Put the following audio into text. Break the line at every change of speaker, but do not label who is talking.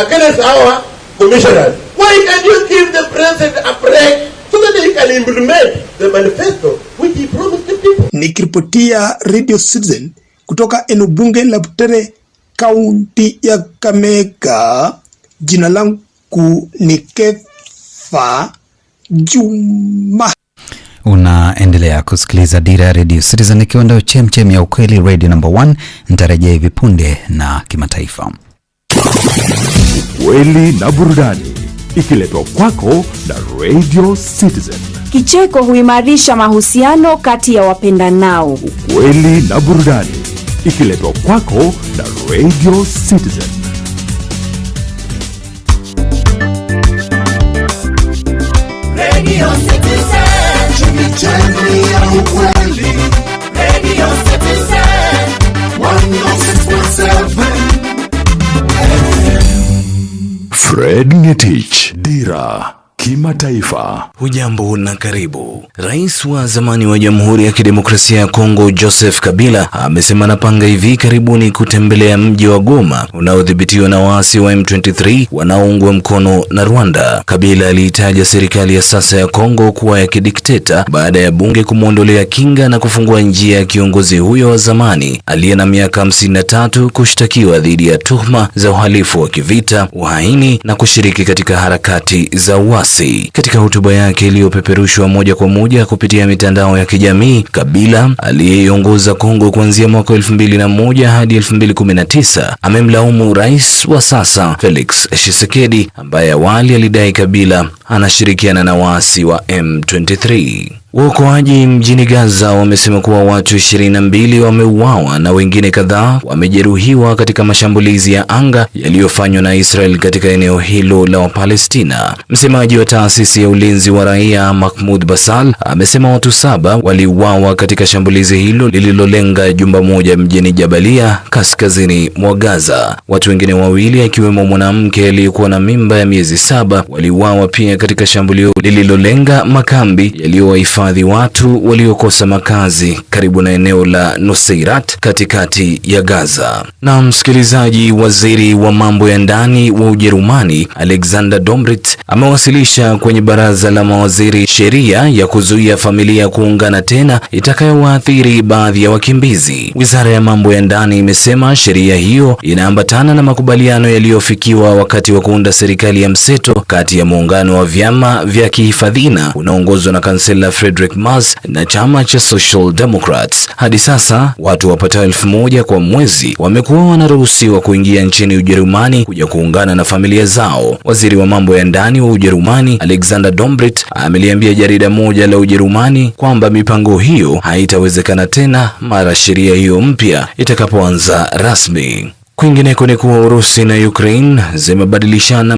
against our commissioners. Why can you give the president a break so that he can implement the manifesto which he promised the people?
Nikiripotia Radio Citizen kutoka eneo bunge la Butere, kaunti ya Kakamega, jina langu ni Kefa Juma.
Unaendelea kusikiliza dira ya Radio Citizen, ikiwa ndio chemchem ya ukweli, radio number one. Nitarejea hivi punde na kimataifa
ukweli na burudani ikiletwa kwako na Radio Citizen.
Kicheko huimarisha mahusiano kati ya wapenda nao
Ukweli na burudani ikiletwa kwako na Radio Citizen.
Fred Ngetich, Dira Kimataifa.
Hujambo na karibu. Rais wa zamani wa Jamhuri ya Kidemokrasia ya Kongo Joseph Kabila amesema anapanga hivi karibuni kutembelea mji wa Goma unaodhibitiwa na waasi wa M23 wanaoungwa mkono na Rwanda. Kabila aliitaja serikali ya sasa ya Kongo kuwa ya kidikteta baada ya bunge kumwondolea kinga na kufungua njia ya kiongozi huyo wa zamani aliye na miaka hamsini na tatu kushtakiwa dhidi ya tuhuma za uhalifu wa kivita, uhaini na kushiriki katika harakati za uasi. Alhamisi. Katika hotuba yake iliyopeperushwa moja kwa moja kupitia mitandao ya kijamii, Kabila aliyeiongoza Kongo kuanzia mwaka 2001 hadi 2019 amemlaumu rais wa sasa Felix Tshisekedi ambaye awali alidai Kabila anashirikiana na waasi wa M23. Waokoaji mjini Gaza wamesema kuwa watu 22 wameuawa na wengine kadhaa wamejeruhiwa katika mashambulizi ya anga yaliyofanywa na Israel katika eneo hilo la Wapalestina. Msemaji wa taasisi ya ulinzi wa raia Mahmoud Basal amesema watu saba waliuawa katika shambulizi hilo lililolenga jumba moja mjini Jabalia, kaskazini mwa Gaza. Watu wengine wawili akiwemo mwanamke aliyekuwa na mimba ya miezi saba waliuawa pia katika shambulio lililolenga makambi yaliyowahifadhi watu waliokosa makazi karibu na eneo la Nuseirat katikati ya Gaza. Na msikilizaji, waziri wa mambo ya ndani wa Ujerumani Alexander Dobrindt amewasilisha kwenye baraza la mawaziri sheria ya kuzuia familia kuungana tena itakayowaathiri baadhi ya wakimbizi. Wizara ya mambo ya ndani imesema sheria hiyo inaambatana na makubaliano yaliyofikiwa wakati wa kuunda serikali ya mseto kati ya muungano wa vyama vya kihifadhina unaongozwa na kansela Frederick mars na chama cha Social Democrats. Hadi sasa watu wapatao elfu moja kwa mwezi wamekuwa wanaruhusiwa kuingia nchini Ujerumani kuja kuungana na familia zao. Waziri wa mambo ya ndani wa Ujerumani Alexander Dombrit ameliambia jarida moja la Ujerumani kwamba mipango hiyo haitawezekana tena mara sheria hiyo mpya itakapoanza rasmi. Kwingineko ni kuwa Urusi na Ukraine zimebadilishana